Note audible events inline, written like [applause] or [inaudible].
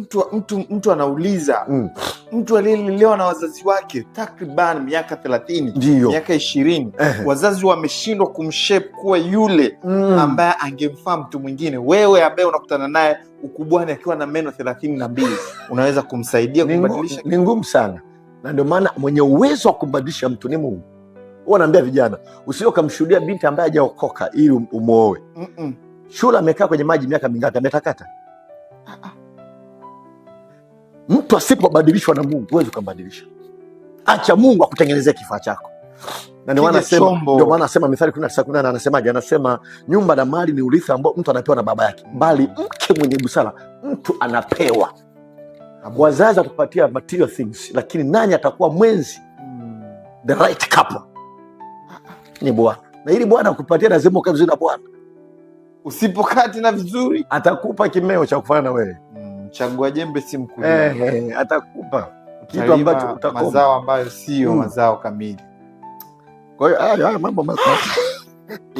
mtu, mtu, mtu anauliza mm. mtu aliyelelewa na wazazi wake takriban miaka thelathini miaka ishirini eh. wazazi wameshindwa kumshep kuwa yule mm. ambaye angemfaa mtu mwingine. Wewe ambaye unakutana naye ukubwani akiwa na meno thelathini na mbili unaweza kumsaidia kubadilisha? Ni ngumu sana, na ndio maana mwenye uwezo wa kumbadilisha mtu ni Mungu. Huwa naambia vijana, usio kamshuhudia binti ambaye ajaokoka ili umwoe. mm -mm. amekaa kwenye maji miaka mingapi? Ametakata? ah -ah. Mtu asipobadilishwa na Mungu huwezi ukambadilisha. Acha Mungu akutengenezea kifaa chako. Na ndio maana nasema, ndio maana nasema Mithali 19:18 anasemaje? Anasema nyumba na mali ni urithi ambao mtu anapewa na baba yake, bali mke mwenye busara mtu anapewa. Wazazi atakupatia material things, lakini nani atakuwa mwenzi? Hmm. The right couple ni Bwana, na ili Bwana akupatia lazima ukae vizuri na Bwana. Usipokati na vizuri, atakupa kimeo cha kufana na wewe. Mchagua jembe si mkulima, eh, atakupa kitu ambacho utakoma mazao ambayo sio mm. mazao kamili. Kwa hiyo haya mambo [laughs]